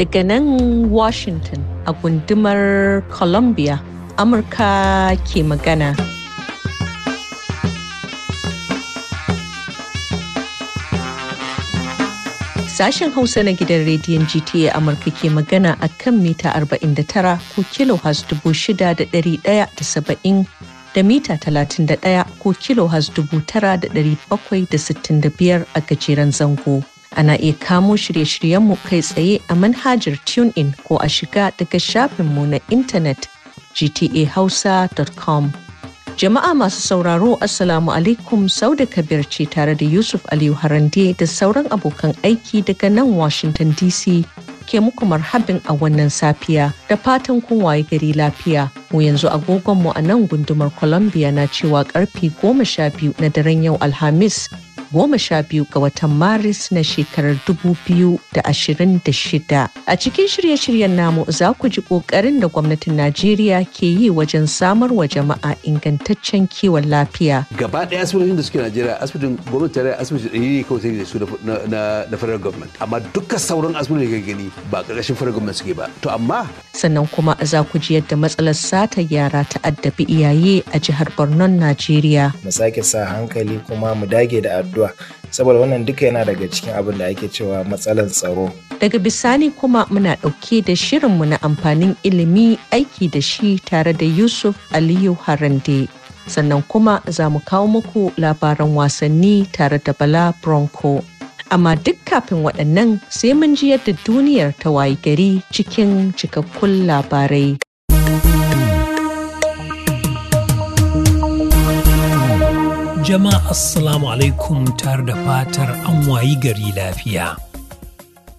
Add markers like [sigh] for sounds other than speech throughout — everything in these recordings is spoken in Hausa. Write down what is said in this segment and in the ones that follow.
daga nan Washington a gundumar Columbia, Amurka ke magana. Sashen Hausa na gidan rediyon GTA Amurka ke magana a kan mita 49 ko kilohas 6,170 da mita 31 ko kilohas 9,765 a gajeren zango. Ana iya kamo shirye-shiryenmu kai tsaye a manhajar in ko a shiga daga shafinmu na intanet gtahausa.com. Jama'a masu sauraro Assalamu alaikum sau da kabir ce tare da Yusuf Aliyu Harande da sauran abokan aiki daga nan Washington DC ke muku marhabin a wannan safiya da fatan kun waye gari lafiya. Mu yanzu agogonmu a nan gundumar Columbia na cewa karfe goma sha biyu na daren yau Alhamis goma sha biyu ga watan Maris na shekarar dubu biyu da ashirin da shida. A cikin shirye-shiryen namu za ku ji ƙoƙarin da gwamnatin Najeriya ke yi wajen samar wa jama'a ingantaccen kiwon lafiya. Gaba ɗaya asibitocin da suke Najeriya asibitin gwamnati tare asibiti da yi kawai da su na federal government amma duka sauran asibitin da gani ba ƙarƙashin federal government suke ba. To amma. Sannan kuma za ku ji yadda matsalar sata yara ta addabi iyaye a jihar Borno Najeriya. Mu sake sa hankali kuma mu dage da addu'a addu'a saboda wannan duka yana daga cikin abin da ake cewa matsalan tsaro daga bisani kuma muna ɗauke da shirinmu na amfanin ilimi aiki da shi tare da yusuf aliyu harande sannan kuma za mu kawo muku labaran wasanni tare da bala bronco amma duk kafin waɗannan sai mun ji yadda duniyar ta wayi gari cikin cikakkun labarai Jama'a Assalamu alaikum tare da fatar an wayi gari lafiya.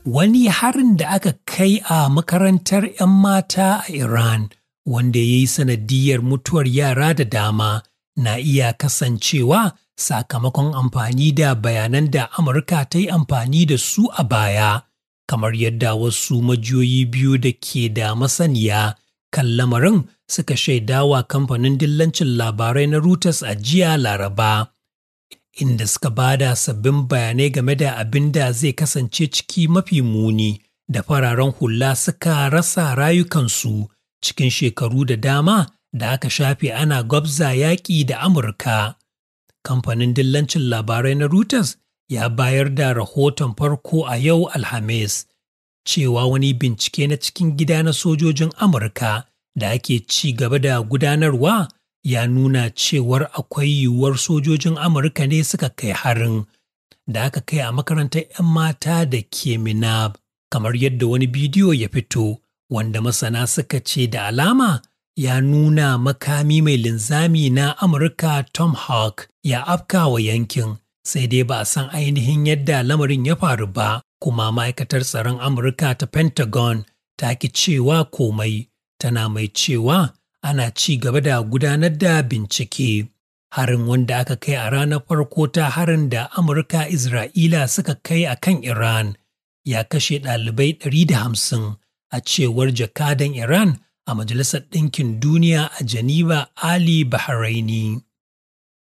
Wani harin da aka kai a makarantar 'yan mata a Iran wanda ya yi sanadiyar mutuwar yara da dama na iya kasancewa sakamakon amfani da bayanan da Amurka ta yi amfani da su a baya, kamar yadda wasu majiyoyi biyu da ke da masaniya kan lamarin suka shaidawa kamfanin dillancin labarai na Reuters a jiya Laraba. Inda suka bada sabbin bayanai game da abin da zai kasance ciki mafi muni da fararen hula suka rasa rayukansu cikin shekaru da dama da aka shafe ana gwabza yaƙi da Amurka. Kamfanin dillancin labarai na Reuters ya bayar da rahoton farko a yau Alhamis cewa wani bincike na cikin gida na sojojin Amurka da ake ci gaba da gudanarwa ya nuna cewar akwai yiwuwar sojojin Amurka ne suka kai harin da aka kai a makarantar 'yan mata da ke Minab, kamar yadda wani bidiyo ya fito wanda masana suka ce da alama ya nuna makami mai linzami na Amurka Tom Hawk ya afkawa yankin sai dai ba a san ainihin yadda lamarin ya faru ba kuma ma'aikatar tsaron Amurka ta Pentagon ta ki cewa komai, tana mai cewa ana ci gaba da gudanar da bincike. Harin wanda aka kai a ranar farko ta harin da Amurka Isra'ila suka kai a kan Iran ya kashe ɗalibai 150 a cewar jakadan Iran a Majalisar Ɗinkin Duniya a Geneva Ali Bahraini.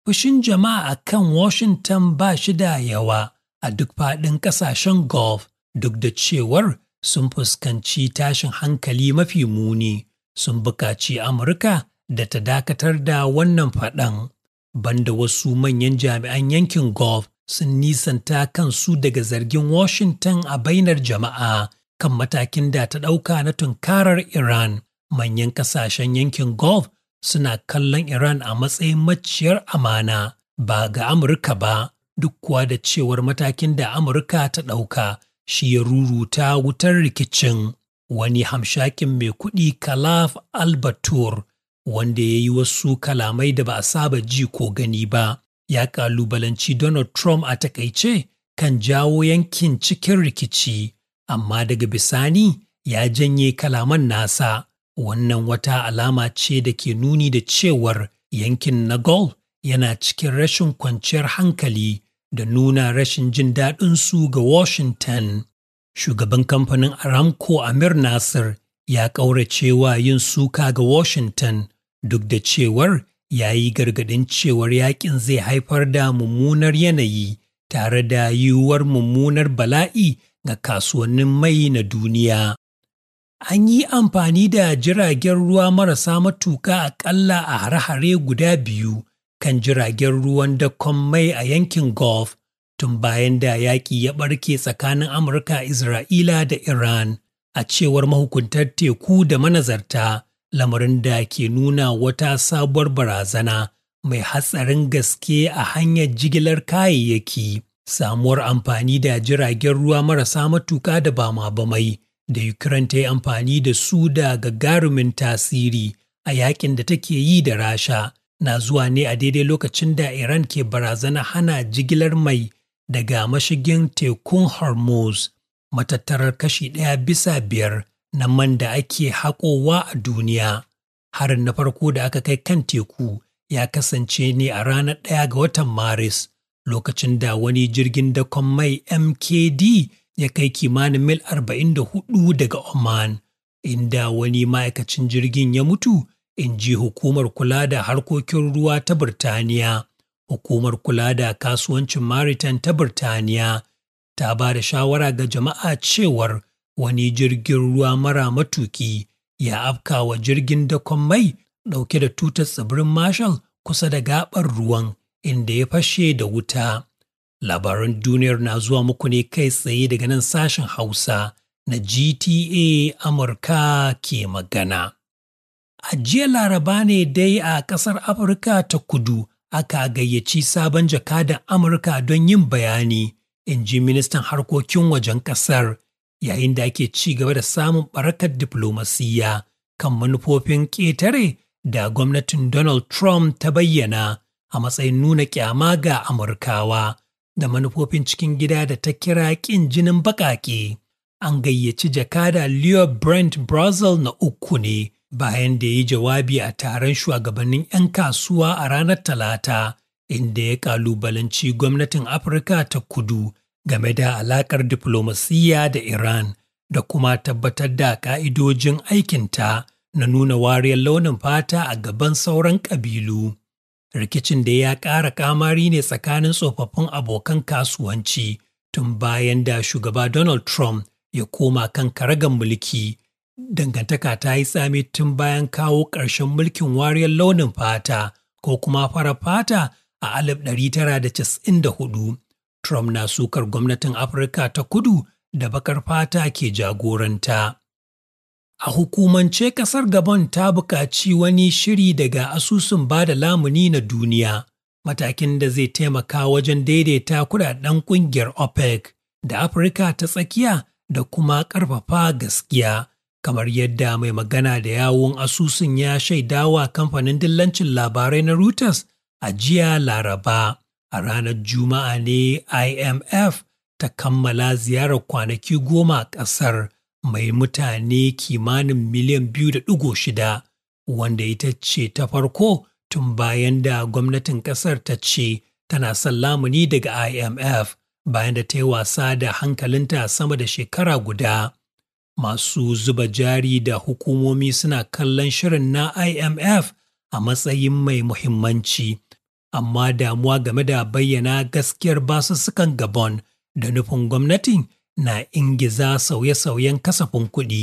Fushin jama'a kan Washington ba shi da yawa. a duk faɗin ƙasashen golf, duk da cewar sun fuskanci tashin hankali mafi muni sun buƙaci Amurka da ta dakatar da wannan faɗan. Banda wasu manyan jami'an yankin golf sun nisanta kansu daga zargin Washington a bainar jama'a kan matakin da ta ɗauka na tunkarar Iran. Manyan ƙasashen yankin golf suna kallon Iran a matsayin maciyar amana ba ga Amurka ba. duk kuwa da cewar matakin da Amurka ta ɗauka shi ya ruruta wutar rikicin wani hamshakin mai kuɗi Kalaf Albatur wanda ya yi wasu kalamai da ba a saba ji ko gani ba ya kalubalanci Donald Trump a takaice kan jawo yankin cikin rikici amma daga bisani ya janye kalaman nasa wannan wata alama ce da ke nuni da cewar yankin na yana cikin rashin kwanciyar hankali da nuna rashin jin daɗinsu ga Washington. Shugaban kamfanin Aramco Amir Nasir ya ƙauracewa yin suka ga Washington duk da cewar ya yi gargaɗin cewar yakin zai haifar da mummunar yanayi tare da yiwuwar mummunar bala'i ga kasuwannin mai na duniya. An yi amfani da jiragen ruwa marasa matuka aƙalla a hare-hare guda biyu kan jiragen ruwan dakon mai a yankin Gulf tun bayan da yaƙi ya ɓarke tsakanin Amurka, Isra'ila da Iran a cewar mahukuntar teku da manazarta lamarin da ke nuna wata sabuwar barazana mai hatsarin gaske a hanyar jigilar kayayyaki. Samuwar amfani da jiragen ruwa marasa matuka da ba bama bamai da Ukraine ta yi amfani da su da gagarumin tasiri a yakin da take yi da Rasha. na zuwa ne a daidai lokacin da Iran ke barazana hana jigilar mai daga mashigin tekun Hormuz matattarar kashi ɗaya bisa biyar na man da ake haƙowa a duniya. Harin na farko da aka kai kan teku ya kasance ne a ranar ɗaya ga watan Maris lokacin da wani jirgin dakon mai MKD ya kai kimanin mil hudu daga Oman, inda wani ma'aikacin jirgin ya mutu in ji hukumar kula da harkokin ruwa ta Birtaniya. Hukumar kula da kasuwancin Maritan ta Birtaniya ta ba da shawara ga jama'a cewar wani jirgin ruwa mara matuki ya afka wa jirgin dakon mai ɗauke da tutar tsibirin Marshall kusa da gaɓar ruwan inda ya fashe da wuta. Labaran duniyar na zuwa muku ne kai tsaye daga nan sashen Hausa na GTA Amurka ke magana. A jiya laraba ne dai a ƙasar Afirka ta kudu aka gayyaci sabon jakadan Amurka don yin bayani, in ji ministan harkokin wajen ƙasar, yayin da ake ci gaba da samun barakar diflomasiyya kan manufofin ƙetare da gwamnatin Donald Trump ta bayyana a matsayin nuna ƙyama ga Amurkawa da manufofin cikin gida da ta kira ƙin jinin baƙaƙe. An gayyaci jakada Leo Brent Brazil na uku ne. bayan da ya jawabi a taron shugabannin 'yan kasuwa a ranar Talata, inda ya kalubalanci gwamnatin Afirka ta kudu game da alakar diflomasiyya da Iran da kuma tabbatar da ka'idojin aikinta na nuna wariyar launin fata a gaban sauran ƙabilu. Rikicin da ya ƙara kamari ne tsakanin tsofaffin abokan kasuwanci tun bayan da shugaba Donald Trump ya koma kan karagan mulki. dangantaka ta yi tsami tun bayan kawo ƙarshen mulkin wariyar launin fata ko kuma fara fata a 1994. Trump na sukar gwamnatin Afirka ta kudu da bakar fata ke jagoranta. A hukumance ƙasar Gabon ta buƙaci wani shiri daga asusun bada lamuni na duniya, matakin da zai taimaka wajen daidaita kudaden ƙungiyar OPEC da Afirka ta tsakiya da kuma ƙarfafa gaskiya. kamar yadda mai magana da yawon asusun ya shaidawa kamfanin dillancin labarai na Reuters a jiya Laraba. A ranar Juma'a ne IMF ta kammala ziyarar kwanaki goma a ƙasar mai mutane kimanin miliyan biyu da ɗigo shida, wanda ita ce ta farko tun bayan da gwamnatin ƙasar ta ce tana son lamuni daga IMF bayan da ta yi wasa da hankalinta sama da shekara guda. masu zuba jari da hukumomi suna kallon shirin na IMF a matsayin mai muhimmanci. Amma damuwa game da bayyana gaskiyar basussukan Gabon da nufin gwamnati na ingiza sauye-sauyen kasafin kuɗi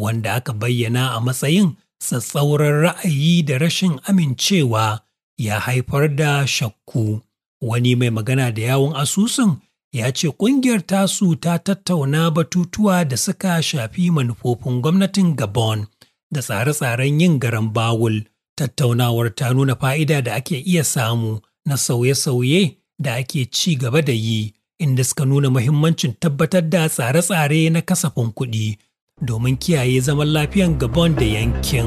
wanda aka bayyana a matsayin tsatsauran ra'ayi da rashin amincewa ya haifar da shakku. Wani mai magana da yawon asusun ya ce ƙungiyar tasu ta tattauna batutuwa da suka shafi manufofin gwamnatin Gabon da tsare-tsaren yin garan bawul. Tattaunawar ta nuna fa'ida da ake iya samu na sauye-sauye da ake ci gaba da yi, inda suka nuna muhimmancin tabbatar da tsare-tsare na kasafin kuɗi domin kiyaye zaman lafiyan Gabon da yankin.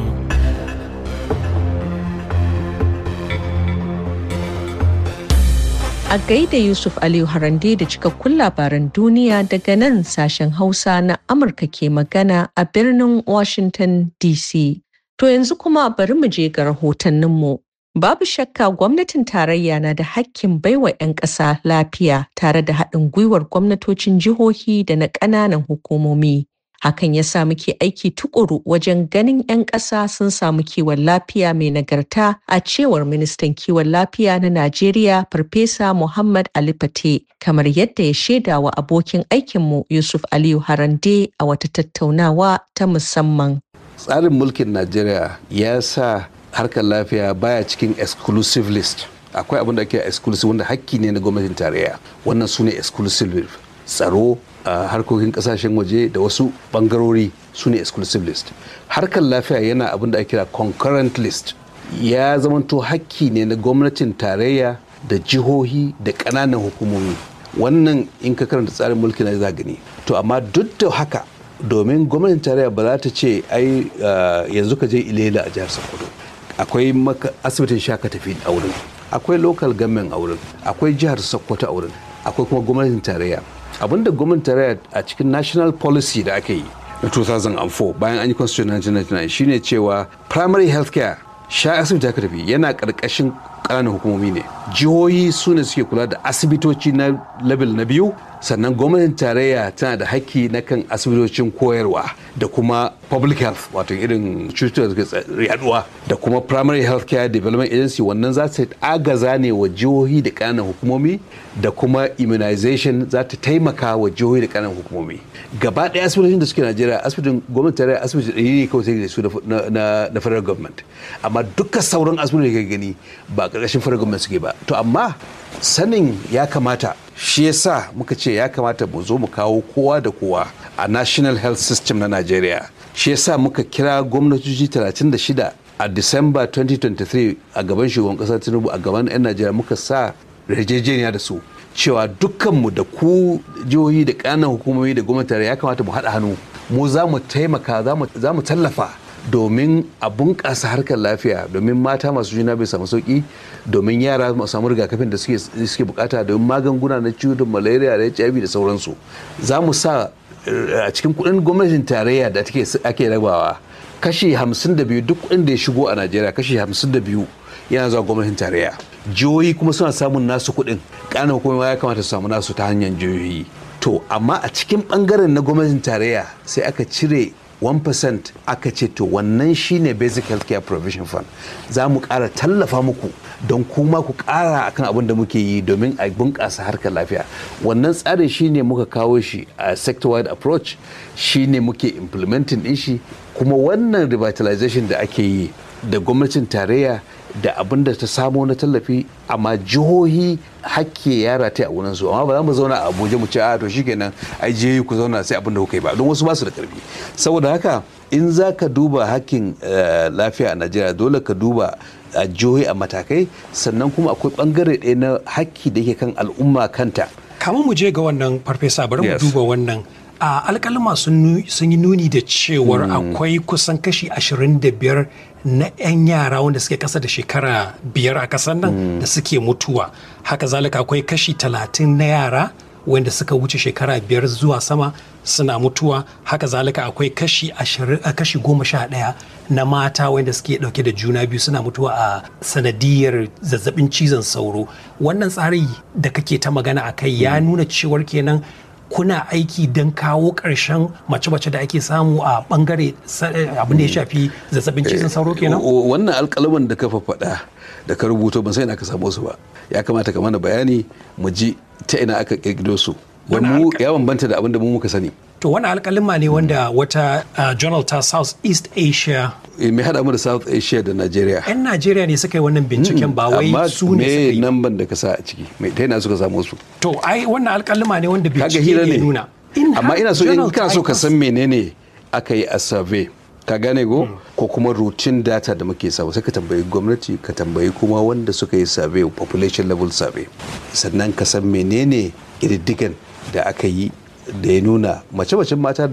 gaida Yusuf Aliyu Harande da cikakkun labaran duniya daga nan sashen Hausa na Amurka ke magana a birnin Washington DC. To yanzu kuma bari mu je ga rahotanninmu. Babu shakka gwamnatin tarayya na da hakkin baiwa 'yan ƙasa lafiya tare da haɗin gwiwar gwamnatocin jihohi da na ƙananan hukumomi. hakan ya sa muke aiki tuƙuru wajen ganin 'yan ƙasa sun samu kiwon lafiya mai nagarta a cewar ministan kiwon lafiya na najeriya farfesa muhammad ali fate kamar yadda ya shaida wa abokin aikinmu yusuf aliyu harande a wata tattaunawa ta musamman tsarin mulkin najeriya ya sa harkar lafiya baya cikin exclusive list akwai abin da ake exclusive wanda hakki ne na gwamnatin tarayya wannan su ne exclusive tsaro a harkokin kasashen waje da wasu bangarori su ne exclusive list harkar lafiya yana abin da ake kira concurrent list ya zamanto hakki ne na gwamnatin tarayya da jihohi da ƙananan hukumomi wannan in ka karanta tsarin mulki na za gani to amma duk da haka domin gwamnatin tarayya ba za ta ce ai yanzu ka je ilela a jihar sokoto akwai asibitin shaka tafi a wurin akwai local government a wurin akwai jihar sokoto a wurin akwai kuma gwamnatin tarayya da abinda raya a cikin national policy da aka yi na 2004 bayan an yi constitution 1999 shine cewa primary health care sha asibiti aka tafi yana karkashin kananan hukumomi ne jihohi su ne suke kula da asibitoci na level na biyu sannan gwamnatin tarayya tana da haƙƙi na kan asibitocin koyarwa da kuma public health wato irin cututtuka da yaduwa da kuma primary health care development agency wannan za ta agaza ne wa jihohi da kananan hukumomi da kuma immunization za ta taimaka wa jihohi da kananan hukumomi gaba ɗaya asibitocin da suke najeriya asibitin gwamnatin tarayya asibiti ɗari ne kawai sai da su na federal government amma dukkan sauran asibitin da gani ba ƙarƙashin farkon gwamnati suke ba to amma sanin ya kamata shi yasa muka ce ya kamata mu zo mu kawo kowa da kowa a national health system na nigeria shi yasa muka kira gwamnatoci 36 a disamba 2023 a gaban shugaban ƙasar tinubu a gaban 'yan najeriya muka sa yarjejeniya da su cewa dukkanmu da ku jihohi da ƙananan hukumomi da gwamnati ya kamata mu haɗa hannu mu za mu taimaka za mu tallafa domin a bunƙasa harkar lafiya domin mata masu juna bai samu sauki domin yara masu samu rigakafin da suke bukata domin magunguna na ciwon malaria da hiv da sauransu za mu sa eh, a cikin kudin gwamnatin tarayya da ake rabawa kashi 52 duk kudin da ya shigo a najeriya kashi 52 yana zuwa gwamnatin tarayya jihohi kuma suna samun nasu kudin ƙana hukumomi ya kamata su samu nasu ta hanyar jihohi to amma a cikin bangaren na gwamnatin tarayya sai aka cire 1% aka ce to wannan shine basic healthcare provision fund za mu ƙara tallafa muku don kuma ku ƙara akan abin da muke yi domin a bunƙasa harkar lafiya wannan tsarin shine muka kawo shi a sector wide approach shine muke implementing din shi kuma wannan revitalization da ake yi da gwamnatin tarayya da abin da ta samo na tallafi amma jihohi hakke ya rataya a wurin su amma ba za mu zauna a Abuja mu ce a ah, to shikenan ai je ku zauna sai abin da kuka yi ba don wasu ba su da karfi saboda haka in za ka duba hakkin eh, lafiya a Najeriya dole ka duba a eh, jihohi a matakai sannan kuma akwai bangare ɗaya na hakki da yake kan al'umma kanta kamar mu je ga wannan farfesa bari mu duba wannan a ah, alkalima sun yi nuni da cewar hmm. akwai kusan kashi 25 na 'yan yara wanda suke kasa da shekara biyar a kasan nan mm. da suke mutuwa haka zalika akwai kashi talatin na yara wanda suka wuce shekara biyar zuwa sama suna mutuwa haka zalika akwai kashi goma sha ɗaya na mata wanda suke ɗauke da juna biyu suna mutuwa a sanadiyar zazzabin cizon sauro wannan tsari da kake ta magana a kai ya mm. nuna cewar kenan kuna aiki don kawo ƙarshen mace-mace da ake samu a bangare eh, abin da ya shafi zazzabin eh, cizon sauro kenan wannan alƙalaman da kafa faɗa da ka rubuto ban sai na ka samu su ba ya kamata ka mana bayani mu ji ta ina aka ƙirƙiro su wani ya bambanta da abin da mu muka sani to wani alƙalima ne wanda wata ah, journal ta south east asia Eh, mai hada mu da south asia da nigeria yan nigeria ne suka yi wannan binciken hmm, ba wai su ne suka yi amma me nan ka sa a ciki mai ta yana suka samu su to ai wannan alƙalima ne wanda bincike ne nuna amma ina so in kana so ka san menene aka yi a survey ka gane go hmm. ko kuma routine data da muke samu sai ka tambayi gwamnati ka tambayi kuma wanda suka yi survey population level survey sannan ka san menene ƙididdigan da aka yi da ya nuna mace-macen mata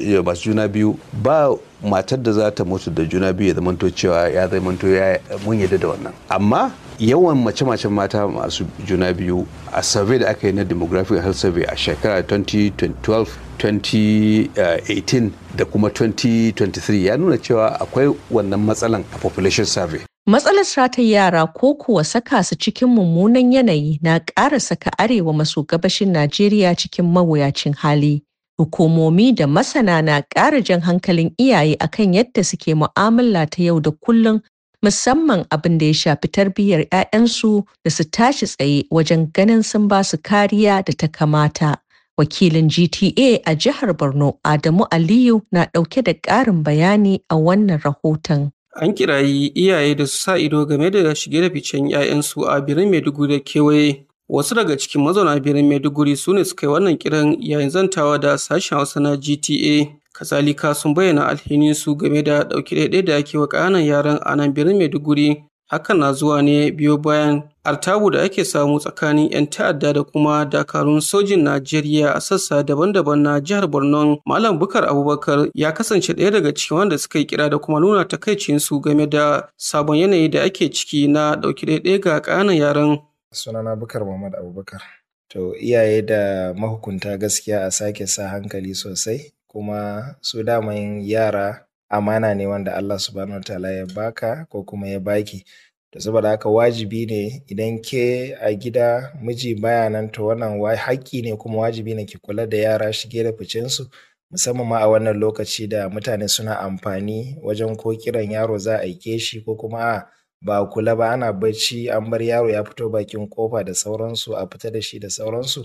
eh, masu juna biyu ba matar da za ta mutu da juna biyu ya zamanto cewa ya zamanto ya mun yadda da wannan amma yawan mace-macen mata masu juna biyu a survey da aka yi na demographic health survey a shekara 2012 2018 eh, da kuma 2023 ya nuna cewa akwai wannan matsalan a population survey Matsalar satar yara ko kuwa saka su cikin mummunan yanayi na ƙara saka arewa maso gabashin Najeriya cikin mawuyacin hali. Hukumomi da masana na ƙara jan hankalin iyaye akan yadda suke mu'amala ta yau da kullum musamman abin da ya shafi tarbiyyar 'ya'yansu da su tashi tsaye wajen ganin sun ba su kariya da ta kamata. Wakilin GTA a jihar Borno Adamu Aliyu na ɗauke da ƙarin bayani a wannan rahoton. An kirayi iyaye da su sa ido game da shige da ficen 'ya'yansu a birnin Maiduguri da kewaye. Wasu daga cikin mazauna birnin Maiduguri su ne suka yi wannan kiran yayin zantawa da sashen Hausa na GTA. Kazalika sun bayyana alhinin su game da ɗauki ɗaiɗai da ake wa ƙananan yaran a nan birnin Maiduguri Hakan na zuwa ne biyo bayan artabu da ake samu tsakanin 'yan ta'adda da kuma dakarun sojin Najeriya a sassa daban-daban na jihar Borno. Malam Bukar Abubakar ya kasance ɗaya daga cikin wanda suka yi kira da kuma nuna takaicinsu game da sabon yanayi da ake ciki na ɗauki ɗaiɗaya ga ƙananan yaran. Sunana Bukar Muhammad Abubakar. To iyaye da mahukunta gaskiya a sake sa hankali sosai kuma su damayin yara amana ne wanda Allah subhanahu ta'ala ya baka ko kuma ya baki to saboda haka wajibi ne idan ke a gida miji baya nan to wannan haƙƙi ne kuma wajibi ne ki kula da yara shige da ficen su musamman ma a wannan lokaci da mutane suna amfani wajen ko kiran yaro za a aike shi ko kuma a ba kula ba ana bacci an bar yaro ya fito bakin kofa da sauransu a fita da shi da sauransu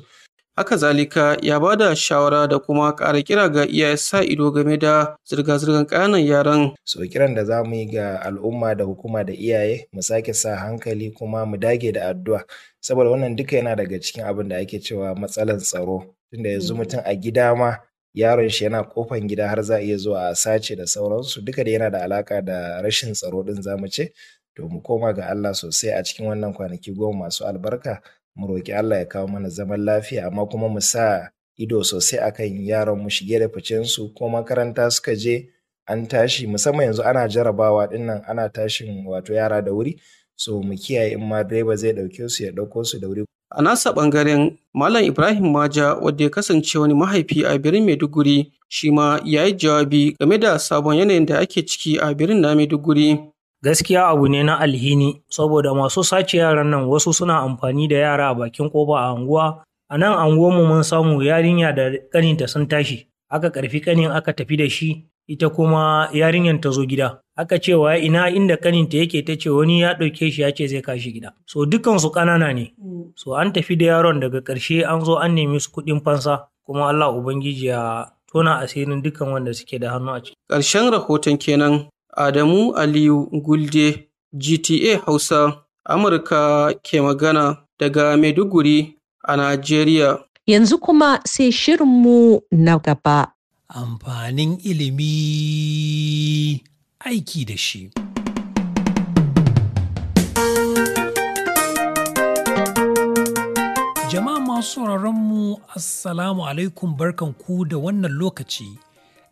Haka zalika ya ba da shawara da kuma ƙara kira ga iyaye sa ido game da zirga-zirgar ƙananan yaran. So kiran da za mu yi ga al'umma da hukuma da iyaye mu sake sa hankali kuma mu dage da addu'a saboda wannan duka yana daga cikin abin da ake cewa matsalan tsaro tunda yanzu mutum a gida ma yaron shi yana kofan gida har za iya zuwa a sace da sauransu duka da yana da alaka da rashin tsaro din zamu ce to mu koma ga Allah sosai a cikin wannan kwanaki goma masu albarka mu roƙi Allah ya kawo mana zaman lafiya amma kuma mu sa ido sosai akan yaron mu shige da ficen su ko makaranta suka je an tashi musamman yanzu ana jarabawa dinnan ana tashin wato yara da wuri so mu kiyaye in ma direba zai ɗauke su ya ɗauko su da wuri. A nasa ɓangaren Malam Ibrahim Maja wadda ya kasance wani mahaifi a birnin Maiduguri shi ma ya yi jawabi game da sabon yanayin da ake ciki a birnin na Maiduguri. Gaskiya abu ne na alhini saboda masu sace yaran nan wasu suna amfani da yara a bakin kofa a anguwa. A nan anguwanmu mun samu yarinya da kaninta sun tashi, aka karfi kanin aka tafi da shi, ita kuma yarinyar ta zo gida. Aka ce wa ina inda kaninta yake ta ce wani ya ɗauke shi ya ce zai kashi gida. So dukansu ƙanana ne. So an tafi da yaron daga ƙarshe an zo an nemi su kuɗin fansa kuma Allah Ubangiji ya tona asirin dukan wanda suke da hannu a ciki. Ƙarshen rahoton kenan Adamu Aliyu Gulde, GTA Hausa, Amurka ke magana daga Maiduguri a Najeriya. Yanzu kuma sai shirinmu na gaba. Amfanin ilimi aiki da shi. Jama'a masu mu Assalamu alaikum barkan ku da wannan lokaci,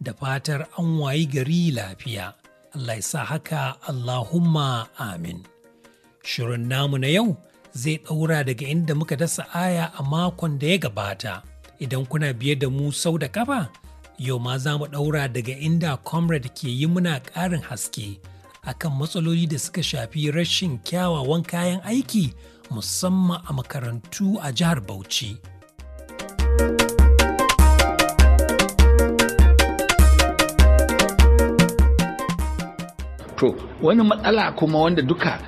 da fatar an wayi gari lafiya. Allah ya sa haka Allahumma amin. Shirin namu na yau zai ɗaura daga inda muka dasa aya a makon da ya gabata. Idan kuna biye da mu sau da kafa, yau ma za mu ɗaura daga inda comrade ke yi muna ƙarin haske akan matsaloli da suka shafi rashin kyawawan kayan aiki musamman a makarantu a jihar Bauchi. to wani matsala kuma wanda duka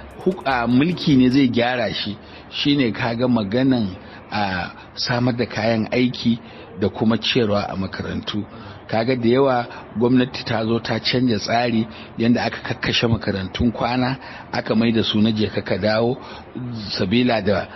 mulki ne zai gyara shi shine kaga maganan a samar da kayan aiki da kuma cewa a makarantu kaga da yawa gwamnati ta zo ta canja tsari yadda aka kakkashe makarantun kwana aka mai da su na je ka dawo sabila da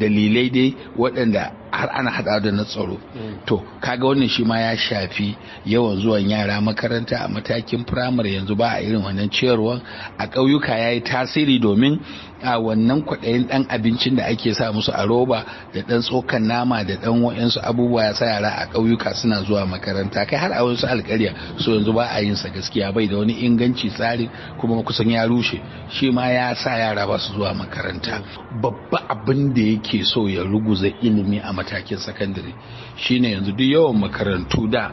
dalilai dai waɗanda har ana haɗa da na tsaro to kaga wannan shi ma ya shafi yawan zuwan yara makaranta a matakin firamare yanzu ba a irin wannan cewar a ƙauyuka ya yi tasiri domin a wannan kwaɗayin ɗan abincin da ake sa musu a roba da ɗan tsokan nama da ɗan wa'insu abubuwa ya sa yara a ƙauyuka suna zuwa makaranta kai har a wasu alƙarya so yanzu ba a yin sa gaskiya bai da wani inganci tsari kuma kusan ya rushe shi ma ya sa yara ba su zuwa makaranta babba abin da yake so ya ruguza ilimi a matakin sakandare shine yanzu duk yawan makarantu da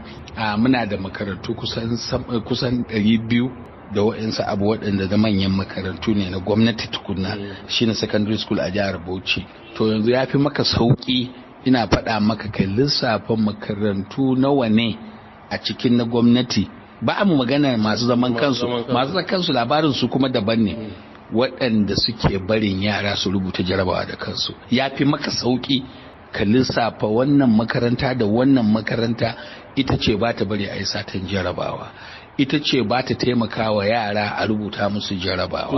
muna da makarantu kusan 200 da wa'insu abu waɗanda da manyan makarantu ne na gwamnati tukuna mm. shine secondary school a jihar bauchi to yanzu ya fi maka sauƙi ina faɗa maka kai lissafin makarantu nawa ne a cikin na gwamnati ba mu magana masu zaman kansu masu zaman kansu labarin su kuma daban ne mm. waɗanda suke barin yara su rubuta jarabawa da kansu ya fi maka sauƙi ka lissafa wannan makaranta da wannan makaranta ita ce ba ta bari a yi satan jarabawa ita ce ba ta taimaka wa yara a rubuta musu jarabawa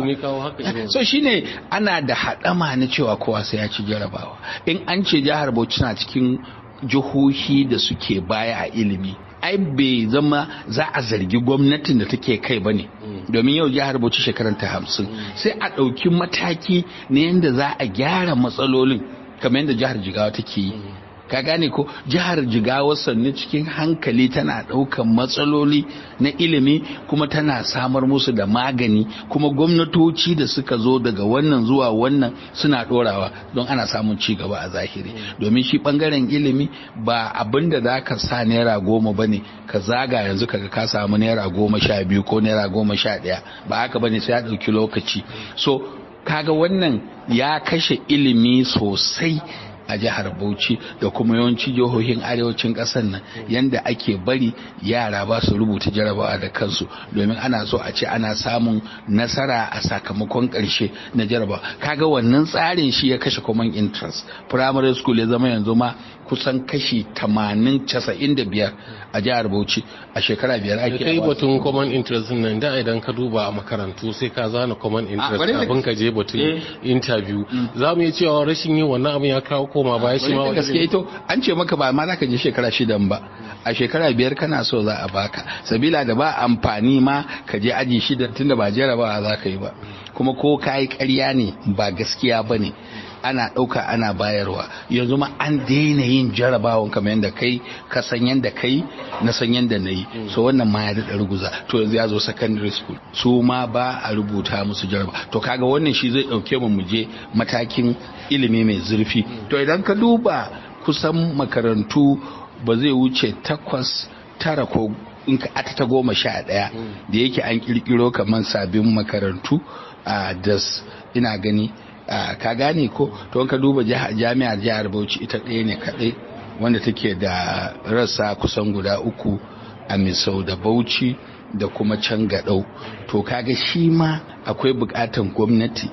[laughs] so shi ne ana da haɗama na cewa kowa sai ya ci jarabawa in an ce jihar bauchi na cikin jihohi da suke baya a ilimi ai bai zama za a zargi gwamnatin da take kai ba ne mm. domin yau jihar bauchi ta hamsin mm. sai a ɗauki mataki na yadda za a gyara matsalolin kamar yadda jihar jigawa take yi mm. ka gane ko jihar jigawa sannu cikin hankali tana ɗaukan matsaloli na ilimi kuma tana samar musu da magani kuma gwamnatoci da suka zo daga wannan zuwa wannan suna ɗorawa don ana samun ci gaba a zahiri domin shi bangaren ilimi ba abin da za ka sa naira goma ba ne ka zaga yanzu kaga ka samu naira goma sha biyu ko naira goma sha ɗaya ba haka ba ne sai ya ɗauki lokaci so kaga wannan ya kashe ilimi sosai a jihar Bauchi da kuma yawanci jihohin arewacin ƙasar nan yanda ake bari yara ba su rubuta jarabawa da kansu domin ana so a ce ana samun nasara a sakamakon ƙarshe na jarabawa kaga wannan tsarin shi ya kashe common interest primary school ya zama yanzu ma kusan kashi 80-95 a jihar bauchi a shekara biyar ake kai batun common interest nan da idan ka duba a makarantu sai ka zana common ah, interest kafin ka je batun eh. interview mm. za mu iya cewa rashin yin wannan abin ya kawo koma baya shi ma gaskiya ito an ce maka ba ma za ka je shekara shidan ba a shekara biyar kana so za a baka sabila da ba amfani ma ka je aji shidan tunda ba jarabawa za ka yi ba kuma ko ka yi ƙarya ne ba gaskiya ba ne ana ɗauka ana bayarwa yanzu ma an daina yin jarabawan kamar yadda kai ka san yadda kai na san yadda na yi so wannan ma ya daɗa ruguza to yanzu ya zo secondary school su ma ba a rubuta musu jaraba to kaga wannan shi zai ɗauke mu muje matakin ilimi mai zurfi to idan ka duba kusan makarantu ba zai wuce takwas tara ko in ka ata ta goma sha ɗaya da yake an kirkiro kamar sabbin makarantu a ah, das ina gani ka gane ko to ka duba jami'ar jihar bauchi ita ɗaya ne kaɗai wanda take da rassa kusan guda uku a misau da bauchi da kuma can gaɗau to kaga shi ma akwai buƙatar gwamnati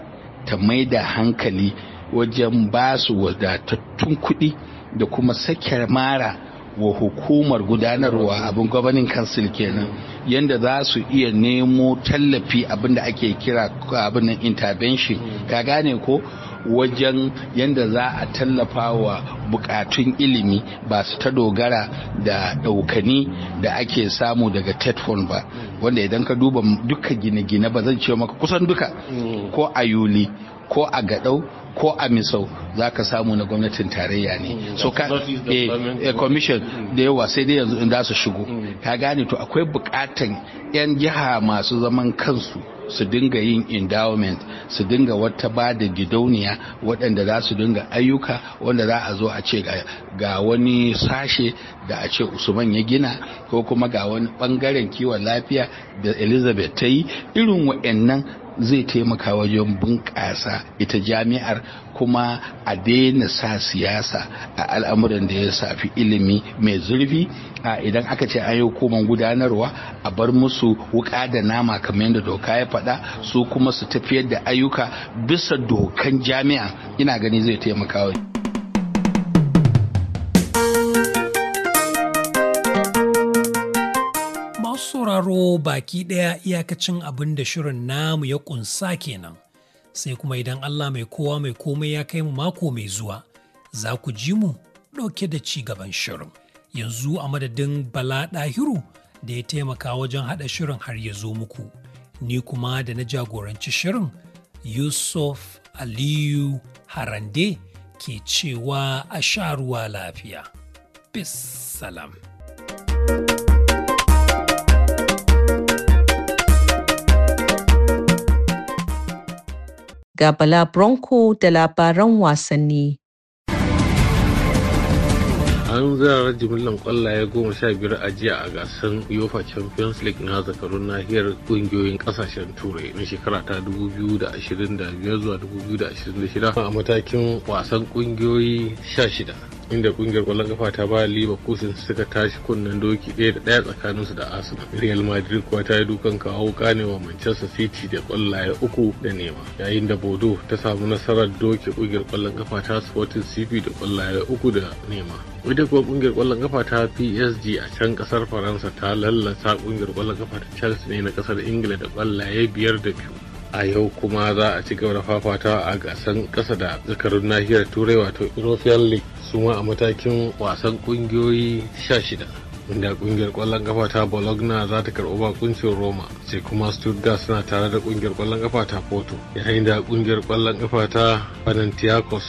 ta mai da hankali wajen ba su wadatattun kuɗi da kuma sakar mara wa hukumar gudanarwa abin governing kansil kenan yadda za su iya nemo tallafi abin da ake kira abin intervention ka gane ko wajen yadda za a tallafa wa bukatun ilimi ba su ta dogara da daukani da ake samu daga tetfon ba wanda idan ka duba duka gine-gine ba zan ce maka kusan duka mm. ko a yuli ko a gaɗau. ko a misau za ka samu na gwamnatin tarayya ne mm. so ka a eh, eh, commission mm. da yawa sai dai yanzu in za su shigo mm. ka gane to akwai bukatan 'yan jiha masu zaman kansu su dinga yin endowment su dinga wata ba da gidauniya waɗanda za su dinga ayyuka wanda za a zo a ce ga wani sashe da a ce usman ya gina ko kuma ga wani ɓangaren kiwon lafiya da elizabeth ta yi irin waɗannan zai taimaka wajen bunƙasa ita jami'ar kuma a daina sa siyasa a al'amuran da ya safi ilimi mai zurfi idan aka ce an yi hukuman gudanarwa a bar musu wuƙa da nama kamar yadda doka ya faɗa su kuma su tafiyar da ayyuka bisa dokan jami'a ina gani zai taimaka wa baki ɗaya iyakacin abin da shirin namu ya ƙunsa kenan. Sai kuma idan Allah mai kowa mai komai ya kai mu mako mai zuwa, za ku ji mu ɗauke da ci gaban shirin. Yanzu a madadin Bala Ɗahiru da ya taimaka wajen haɗa shirin har ya zo muku. Ni kuma da na jagoranci shirin Yusuf Aliyu Harande ke cewa a sha ruwa lafiya. salam. ga Bala Bronco da labaran wasanni. an zara jimillan kwallaye goma sha biyar a jiya a gasar UEFA Champions League na zakarun nahiyar kungiyoyin kasashen turai na shekara ta 2025 zuwa 2026 a matakin wasan kungiyoyi 16. inda kungiyar kwallon kafa ta ba liverpool suka tashi kunnen doki ɗaya da ɗaya su da arsenal real madrid kuwa ta yi dukan kawo kanewa manchester city da kwallaye uku da nema yayin da bodo ta samu nasarar doki kungiyar kwallon kafa ta sporting cp da kwallaye uku da nema ita kuwa kungiyar kwallon kafa ta PSG a can kasar Faransa ta lallasa kungiyar kwallon kafa ta Chelsea ne na kasar Ingila da kwallaye biyar da biyu. a yau kuma za a ci gaba da fafatawa a gasan kasa da zakarun nahiyar turai wato european league suma a matakin wasan ƙungiyoyi shida. inda kungiyar kwallon kafa ta bologna za ta karɓi bakuncin roma sai kuma stuttgart suna tare da kungiyar kwallon kafa ta porto yayin da kungiyar kwallon kafa ta panathinaikos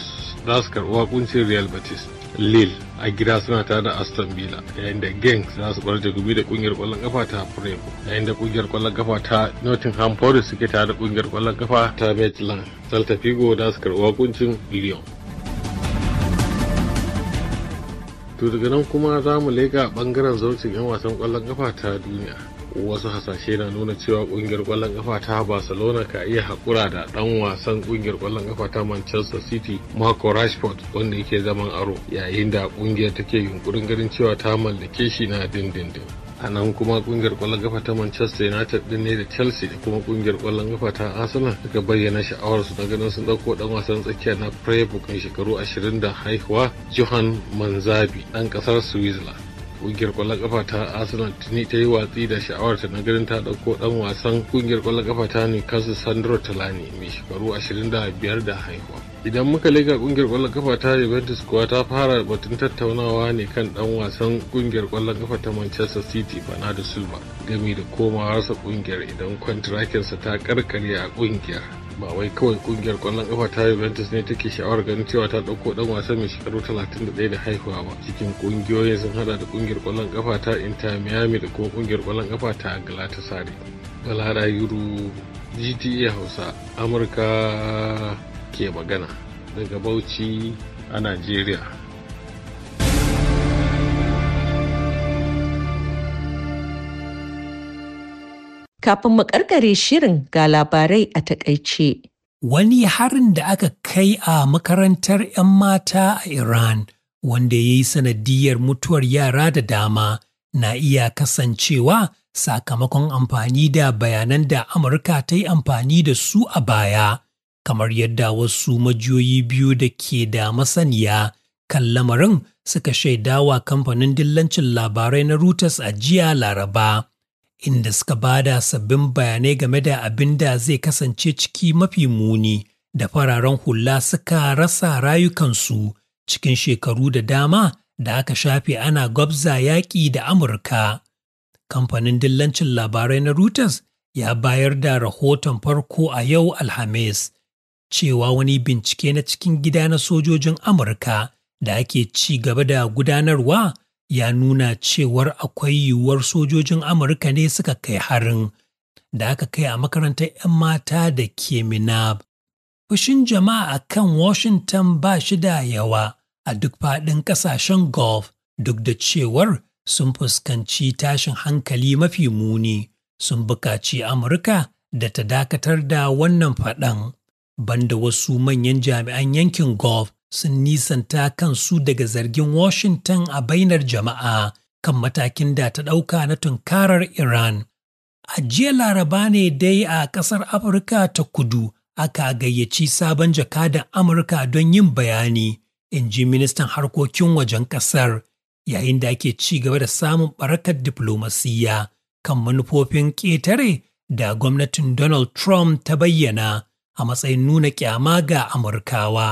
za su karɓi bakuncin real betis Lille a gida suna tare da Aston Villa yayin da Genk za su bar jagubi da kungiyar kwallon kafa ta Frevo yayin da kungiyar kwallon kafa ta Nottingham Forest suke tare da kungiyar kwallon kafa ta Midland Celta Vigo za su karɓi wakuncin Lyon to daga nan kuma za mu leƙa ɓangaren zaucin 'yan wasan kwallon kafa ta duniya wasu hasashe na nuna cewa kungiyar kwallon kafa ta barcelona ka iya haƙura da dan wasan kungiyar kwallon kafa ta manchester city marco rashford wanda yake zaman aro yayin da kungiyar take yunkurin garin cewa ta mallake shi na dindindin a nan kuma kungiyar kwallon kafa ta manchester united din ne da chelsea da kuma kungiyar kwallon kafa ta arsenal daga bayyana sha'awarsu na ganin sun dauko dan wasan tsakiya na freiburg mai shekaru ashirin da haihuwa johan manzabi dan kasar switzerland kungiyar kwallon kafa ta Arsenal tuni ta yi watsi da sha'awar ta na ganin ta dauko dan wasan kungiyar kwallon kafa ta Newcastle Sandro Talani mai shekaru 25 da haihuwa. Idan muka lega kungiyar kwallon kafa ta Juventus kuwa ta fara batun tattaunawa ne kan dan wasan kungiyar kwallon kafa ta Manchester City Bernardo Silva gami da komawarsa kungiyar idan kwantarakinsa ta karkare a kungiyar. ba wai kawai kungiyar kwallon kafa ta Juventus ne take sha'awar ganin cewa ta dauko dan wasa mai shekaru 31 da haihuwa ba cikin kungiyoyin sun hada da kungiyar kwallon kafa ta Inter Miami da kuma kungiyar kwallon kafa ta Galatasaray Balara Yuru GTA Hausa Amurka ke magana daga Bauchi a Najeriya Kafin mu karkare shirin ga labarai a takaice. Wani harin da aka kai a makarantar 'yan mata a Iran wanda ya yi sanadiyar mutuwar yara da dama na iya kasancewa sakamakon amfani da bayanan da Amurka ta yi amfani da su a baya, kamar yadda wasu majiyoyi biyu da ke da masaniya kan lamarin suka shaidawa kamfanin dillancin labarai na Reuters a jiya Laraba. inda suka bada sabbin bayanai game da abin da zai kasance ciki mafi muni da fararen hula suka rasa rayukansu cikin shekaru da dama da aka shafe ana gwabza yaƙi da Amurka. Kamfanin dillancin labarai na Reuters ya bayar da rahoton farko a yau Alhamis cewa wani bincike na cikin gida na sojojin Amurka da ake ci gaba da gudanarwa ya nuna cewar akwai yiwuwar sojojin Amurka ne suka kai harin da aka kai a makarantar 'yan mata da ke Minab. Fushin jama'a a kan Washington ba shi da yawa a duk faɗin ƙasashen golf. duk da cewar sun fuskanci tashin hankali mafi muni sun buƙaci Amurka da ta dakatar da wannan faɗan. Banda wasu manyan jami'an yankin golf. sun nisanta kansu daga zargin Washington a bainar jama'a kan matakin da ta ɗauka na tunkarar Iran. A jiya laraba ne dai a ƙasar Afirka ta kudu aka gayyaci sabon jakadan Amurka don yin bayani, in ji ministan harkokin wajen ƙasar, yayin da ake ci gaba da samun ɓarakar diflomasiyya kan manufofin ƙetare da gwamnatin Donald Trump ta bayyana a matsayin nuna ƙyama ga Amurkawa.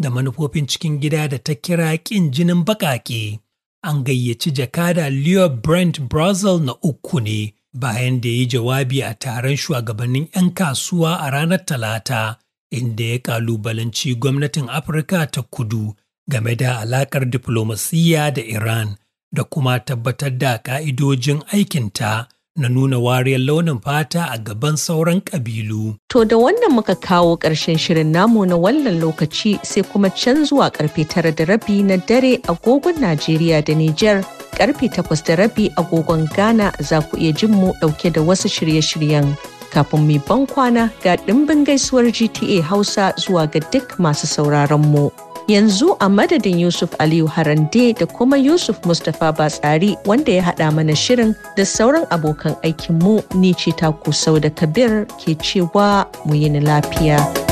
da manufofin cikin gida da ta kira ƙin jinin baƙaƙe. An gayyaci jakada Leo Brent Brazil na uku ne bayan da ya yi jawabi a taron shugabannin 'yan kasuwa a ranar Talata, inda ya kalubalanci gwamnatin Afirka ta kudu game da alakar diflomasiyya da Iran da kuma tabbatar da ka'idojin aikinta. na nuna wariyar launin fata a gaban sauran ƙabilu. To da wannan muka kawo ƙarshen shirin namu na wannan lokaci sai kuma can zuwa ƙarfe tara da rabi na dare agogon Najeriya da Nijar ƙarfe takwas da rabi agogon Ghana za ku iya jin mu ɗauke da wasu shirye-shiryen. Kafin mai ban kwana ga ɗimbin gaisuwar GTA Hausa zuwa ga duk masu sauraron mu. yanzu a madadin yusuf aliyu harande da kuma yusuf mustapha batsari wanda ya haɗa mana shirin da sauran abokan aikinmu ni ce taku sau da kabir ke cewa mu yi lafiya.